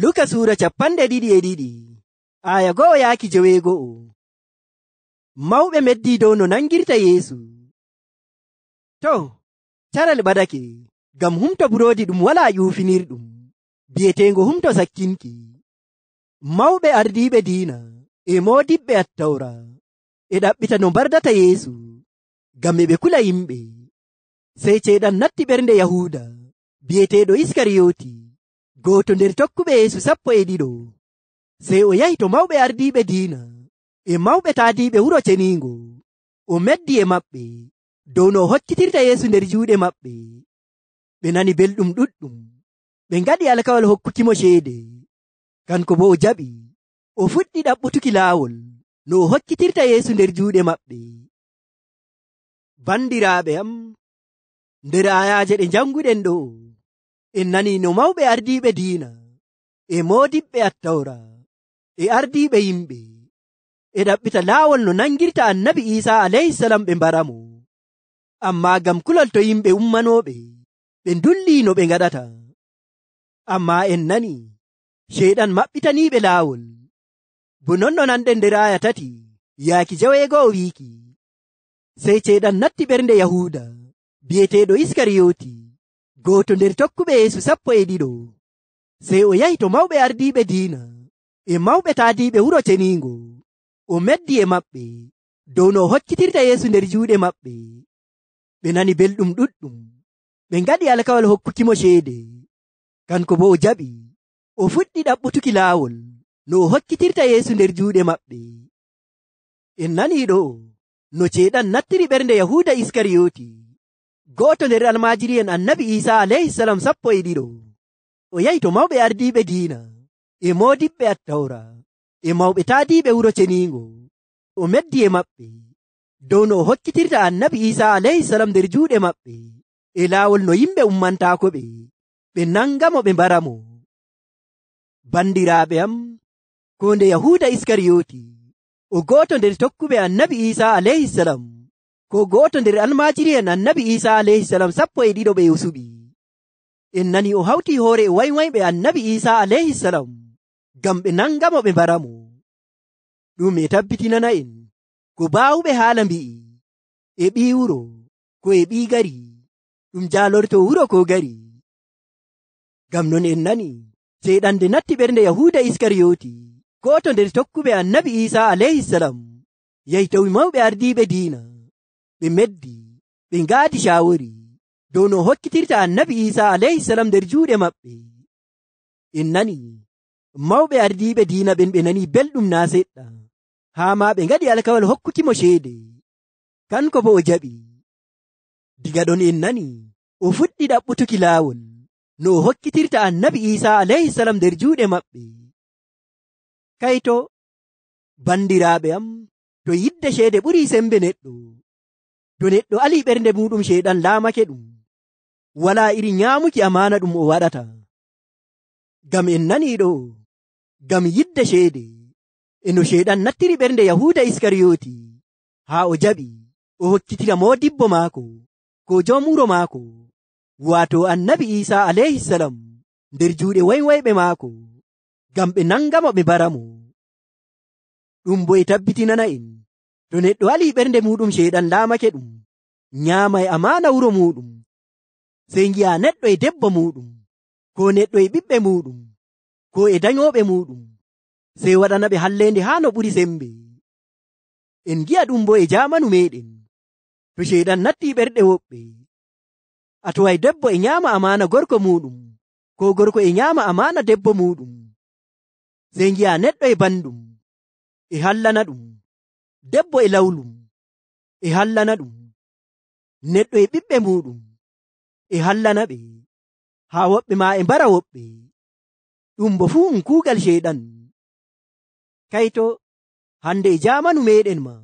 luka sura capanɗe ɗiɗi e ɗiɗi aya go'o yaaki jeweego'o mawɓe meddi dow no nangirta yeesu to caral ɓadake ngam humto buroodi ɗum walaa ƴuufinirɗum bi'eteengo humto sakkinki mawɓe ardiiɓe diina e moodiɓɓe attawra e ɗaɓɓita no mbardata yeesu ngam e ɓe kula yimɓe sey ceeɗan natti ɓernde yahuuda bi'eteeɗo iskariyooti gooto nder tokkuɓe yeesu sappo e ɗiɗo sey o yahi to mawɓe ardiiɓe diina e mawɓe taadiiɓe wuro ceniingo o meddi e maɓɓe dow no o hoccitirta yeesu nder juuɗe maɓɓe ɓe nani belɗum ɗuɗɗum ɓe ngaɗi alkawal hokkukimo ceede kanko bo o jaɓi o fuɗɗi ɗaɓɓutuki laawol no o hoccitirta yeesu nder juuɗe maɓɓe bandiraaɓe am nder ayaaje ɗe njannguɗen ɗo en nani no mawɓe ardiɓe diina e modiɓɓe attawra e ardiɓe yimɓe e ɗaɓɓita laawol no nangirta annabi isa alayhisalam ɓe mbara mo amma gam kulol to yimɓe ummanoɓe ɓe dullino ɓe gaɗata amma en nani sheyɗan maɓɓitaniɓe laawol bo nonno nanɗe nder aya tati yaaki jeweego o wiiki sey ceeɗan natti ɓernde yahuda bi'eteeɗo iskariyoti gooto nder tokkuɓe yeesu sappo e ɗiɗo sey o yahi to mawɓe ardiiɓe diina e mawɓe taadiiɓe wuro teniingo o meddi e maɓɓe dow no o hokkitirta yeesu nder juuɗe maɓɓe ɓe nani belɗum ɗuɗɗum ɓe ngaɗi alkawal hokkutimo ceede kanko bo o jaɓi o fuɗɗi ɗaɓɓutuki laawol no o hokkitirta yeesu nder juuɗe maɓɓe en naniiɗo no ceeɗan nattiri ɓernde yahuuda iskariyoti goto nder almajiri en annabi isa alayhisalam sappo e ɗiɗo o yahi to mawɓe ardiɓe diina e modiɓɓe attawra e mawɓe taadiɓe wuro ceningo o meddi e maɓɓe dow no o hokkitirta annabi isa alayhisalam nder juuɗe maɓɓe e laawol no yimɓe ummantaako ɓe ɓe nangamo ɓe mbara mo bandiraaɓe am ko nde yahuda iskariyoti o goto nder tokkuɓe annabi isa alayhisalam ko goto nder almajiri en annabi isa alayhisalam sappo e ɗiɗo ɓe yosuɓi en nani o hawti hoore e waywayɓe annabi isa alayhisalam ngam ɓe nangamo ɓe mbaramo ɗum e tabbitinana en ko baawuɓe haala mbi'i e ɓi wuro ko e ɓi gari ɗum jalorto wuro ko gari ngam non en nani seyɗan de natti ɓernde yahuda iskariyoti goto nder tokkuɓe annabi isa alayhisalam yahi tawi mawɓe ardiɓe diina ɓe meddi ɓe ngaadi shawori dow no hokkitirta annabi isa alayhisalam nder juuɗe maɓɓe en nani mawɓe ardiɓe diina ɓen ɓe nani belɗum na seɗɗa haa ma ɓe ngaɗi alkawal hokkutimo ceede kanko bo o jaɓi diga ɗon en nani o fuɗɗi ɗaɓɓutuki laawol no o hokkitirta annabi isa alayhisalam nder juuɗe maɓɓe kayto bandiraaɓe am to yidde ceede ɓuri sembe neɗɗo to neɗɗo ali ɓernde muɗum sheɗan laamake ɗum wala iri nyaamuki amana ɗum o waɗata gam en naniɗo gam yidde sheede e no sheɗan nattiri ɓernde yahuda iskariyoti haa o jaɓi o hokkitira mo dibbo maako ko jomuro maako waato annabi isa alayhissalam nder juuɗe waywayɓe maako gam ɓe nangamo ɓe baramo ɗum bo e tabbitinana en to neɗɗo wali ɓernde muɗum sheɗan damake ɗum nyamai amana wuro muɗum sei giya neɗɗo e debbo muɗum ko neɗɗo e ɓiɓɓe muɗum ko e dayoɓe muɗum sei waɗanaɓe hallende ha no ɓuri sembe en giya ɗum bo e jamanu meɗen to sheɗan natti ɓerɗe woɓɓe a towai debbo e nyama amana gorko muɗum ko gorko e nyama amana debbo muɗum sei giya neɗɗo e banɗum e hallana ɗum debbo e lawlum e hallana ɗum neɗɗo e ɓiɓɓe muɗum e hallana ɓe haa woɓɓe ma e mbara woɓɓe ɗum bo fuu um kuugal sheyɗan kayto hande e jamanu meɗen ma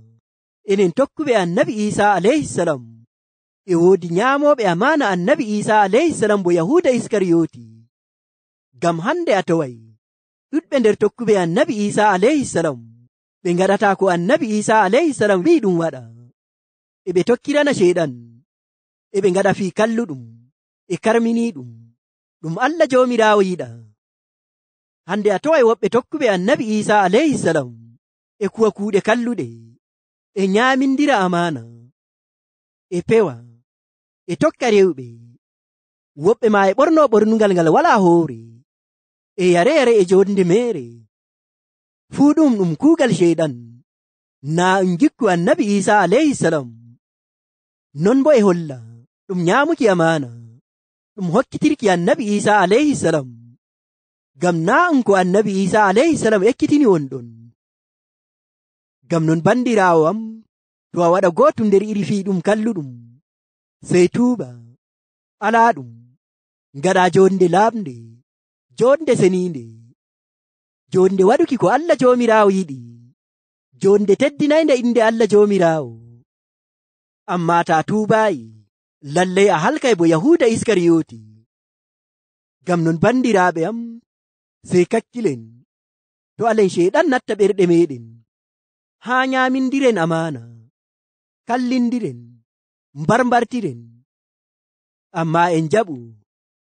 enen tokkuɓe annabi isa alayhisalam e woodi nyaamoɓe amana annabi isa alayhisalam bo yahuda iskariyoti ngam hande a towayi ɗuɗɓe nder tokkuɓe annabi isa alayhisalam ɓe gaɗata ko annabi isa alayhisalam wi ɗum waɗa eɓe tokkirana sheɗan eɓe gaɗa fi kalluɗum e karmini ɗum ɗum allah jamirawo yiɗa hande a towa e woɓɓe tokkuɓe annabi isa alayhisalam e kuwa kuuɗe kalluɗe e nyamindira amana e pewa e tokka rewɓe woɓɓe ma e ɓorno ɓornugal ngal wala hoore e yare yare e jonde mere fuu ɗum ɗum kuugal sheyɗan naa en jikku annabi isa alayhisalam non bo e holla ɗum nyaamuki amaana ɗum hokkitirki annabi isa alayhisalam ngam naa en ko annabi isa alayhisalam ekkitini wonɗon ngam non banndiraawo am to a waɗa gootu nder iri fii ɗum kalluɗum sey tuuba alaa ɗum ngaɗaa joonde laaɓnde joonde seniinde jonde waɗuki ko allah jomirawo yiɗi jonde teddinayi nde inde allah jomirawo amma ta tubayi lallai a halkay bo yahuda iskariyoti gam non bandiraɓe am sei kakkilen to alen sheɗan natta ɓerɗe meɗen ha nyamindiren amana kallindiren mbarmbartiren amma en jaɓu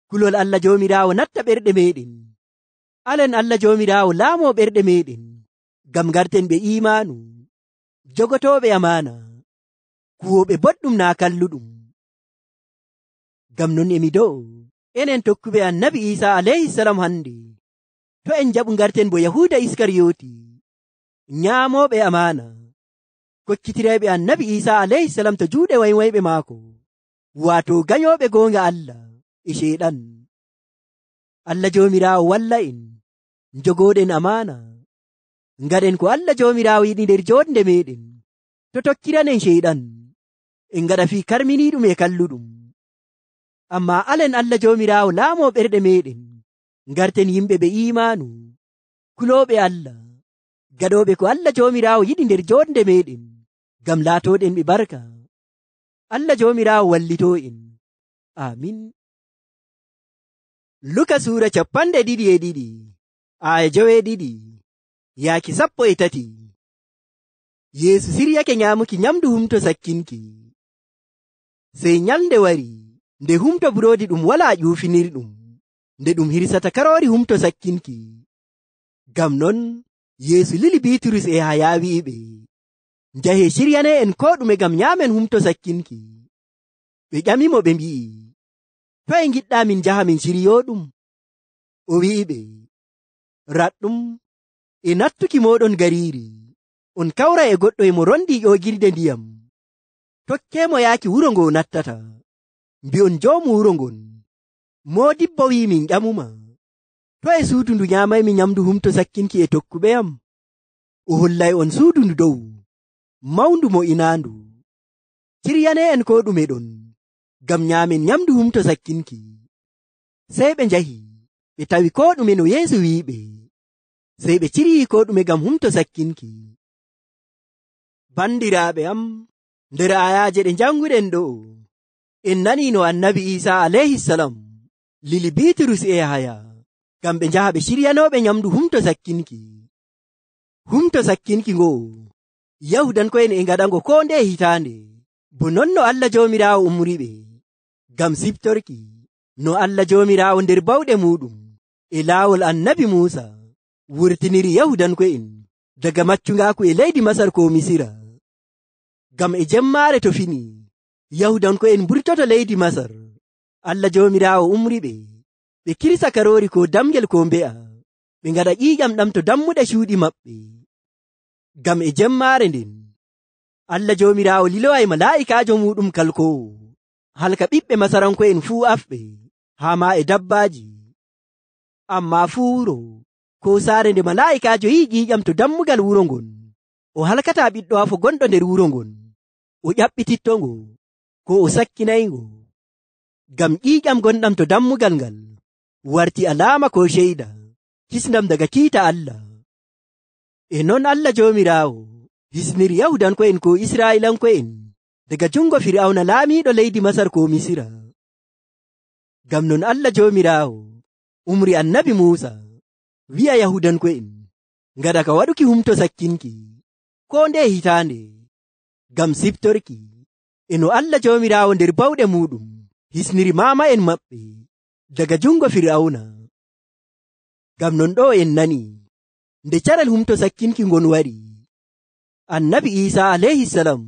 kulol allah jomirawo natta ɓerɗe meɗen alan allah jomirawo laamo ɓerɗe meɗen gam garten ɓe imanu jogotoɓe amana kuwoɓe boɗɗum na kalluɗum gam non emi dow enen tokkuɓe annabi isa alayhisalam hande to en jaɓu garten bo yahuda iskariyoti nyamoɓe amana kokkitireɓe annabi isa alayhisalam to juuɗe waywayɓe maako wato gayoɓe gonga allah e sheɗan allah jomirawo walla en jogoɗen amana gaɗen ko allah jomirawo yiɗi nder joɗde meɗen to tokkiranen sheyɗan en gaɗa fi karminiɗum e kalluɗum amma alan allah jomirawo laamo ɓerɗe meɗen garten yimɓe ɓe imanu kuloɓe allah gaɗoɓe ko allah jomirawo yiɗi nder joɗde meɗen gam latoɗen ɓe barka allah jomirawo wallito en amin luka sura capanɗe ɗiɗi e ɗiɗi aya jowe ɗiɗi yaaki sappo e tati yeesu siryake nyaamuki nyamdu humto sakkinki sey nyalnde wari nde humto buroodi ɗum wala ƴuufinirɗum nde ɗum hirsata karoori humto sakkinki gam non yeesu lili biturus e haa yaawiiɓe njahe siryane en ko ɗume gam nyaamen humto sakkinki ɓe ƴamimo ɓe mbi'i toye giɗɗa min njaha min siriyo ɗum o wi'iɓe raɗɗum e nattuki moɗon gariri on kawra e goɗɗo emo ronɗi ƴogirde ndiyam tokkemo yaaki wuro ngo nattata mbi'on jowmo wuro ngon modibbo wi min ƴamuma to e suudu ndu nyamaymi nyamdu humto sakkinki e tokkuɓe yam o hollay on suudu ndu dow mawndu mo inandu siryane en ko ɗume ɗon gam nyamen nyamdu humto sakkinki sey ɓe njahi ɓe tawi ko ɗume no yeeso wiɓe sei ɓe ciri ko ɗume gam humto sakkinki bandiraɓe am nder ayaje ɗe janguɗen ɗo en nani no annabi isa alayhissalam lili bitrus e yahaya gam ɓe njaha ɓe ciryanoɓe nyamdu humto sakkinki humto sakkinki ngo yahudan ko en e gaɗango ko nde hitande bo non no allah jomirawo umriɓe gam siptorki no allah jomirawo nder bawɗe muɗum e laawol annabi muusa wurtiniri yahudanko'en daga maccungaaku e leydi masar ko misira ngam e jemmaare to fini yahudanko'en mburtoto leydi masar allah joomiraawo umriɓe ɓe kirisa karoori ko damgel ko mbe'a ɓe ngaɗa ƴiiƴam ɗam to dammuɗa cuuɗi maɓɓe ngam e jemmaare nden allah joomiraawo lilowa e malaa'ikaajo muɗum kalkowo halka ɓiɓɓe masaranko'en fuu afɓe haa maa e dabbaaji amma fuu wuro ko saare nde mala'ikajo yi ƴiƴam to dammugal wuro ngon o halkata ɓiɗɗo afo gonɗo nder wuro ngon o ƴaɓɓititto ngo ko o sakkinayngo ngam ƴiƴam gonɗam to dammugal ngal warti alaama ko sheyda hisnam daga kiita allah e non allah jomirawo hisniri yahudanko'en ko israilanko'en daga jungo fir'auna laamiɗo leydi masar ko misira ngam non allah jomirawo umri annabi musa wi'a yahudanko'en ngaɗa ka waɗuki humto sakkinki ko nde hitaande ngam siftorki e no allah joomiraawo nder bawɗe muɗum hisniri maama en maɓɓe daga jungo fir'awna ngam non ɗo en nani nde caral humto sakkinki ngon wari annabi isa alayhi salam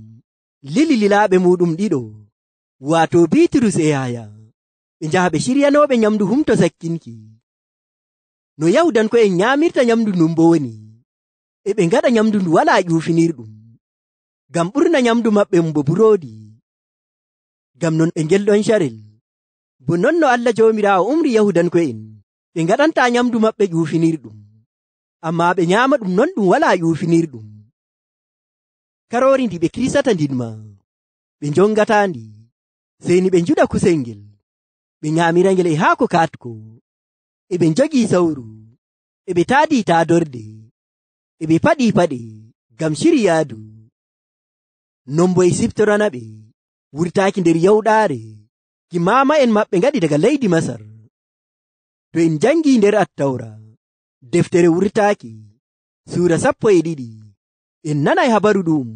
lili lilaaɓe muɗum ɗiɗo waato bitrus e yaya ɓe njahaɓe shiryanoɓe nyamdu humto sakkinki no yahudan ko en nyamirta nyamdu ndun boni eɓe ngaɗa nyamdu ndu wala ƴufinirɗum ngam ɓurna nyamdu maɓɓe mbo burodi ngam non ɓe gelɗon sharel bo non no allah jomirawo umri yahudan ko en ɓe ngaɗanta nyamdu maɓɓe ƴufinirɗum amma ɓe nyama ɗum non ɗum wala ƴufinirɗum karori ndi ɓe krisata ndinma ɓe jongatandi seni ɓe juɗa kusel ngel ɓe nyamira gel e haako katko eɓe jogi sauru eɓe taadi taadorde eɓe paɗi paɗe gam shiri yaadu nombo e siptorana ɓe wurtaaki nder yauɗaare ki mama en maɓɓe gaɗi daga leydi masar to en jangi nder attawra deftere wurtaaki suura sappo e ɗiɗi en nanay habaru ɗum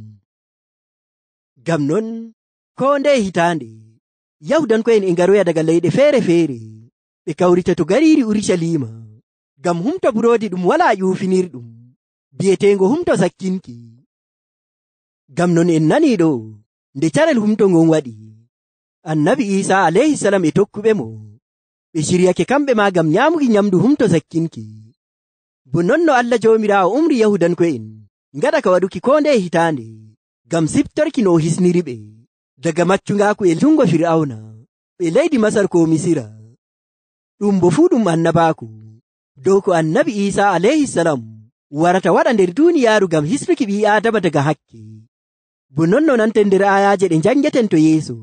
gam non ko nde hitaande yawdan ko en e garoya daga leyɗe feere feere ɓe kawrita to gariri urusalima ngam humta burodi ɗum wala ƴufinirɗum bi'etego humto sakkinki ngam non en nani ɗo nde carel humto ngon waɗi annabi isa alayhisalam e tokkuɓe mo ɓe siryake kamɓe ma ngam yamuki nyamdu humto sakkinki bo non no allah jomirawo umri yahudanko en ngaɗa ka waɗuki ko nde hitande ngam siptorki no o hisniriɓe daga maccungako e jungo fir'auna e leydi masar ko misira ɗum bo fuu ɗum annabaku dow ko annabi isa alayhissalam warata waɗa nder duniyaaru gam hisnuki ɓi adama daga hakke bo nonno nanten nder ayaje ɗe janngeten to yeeso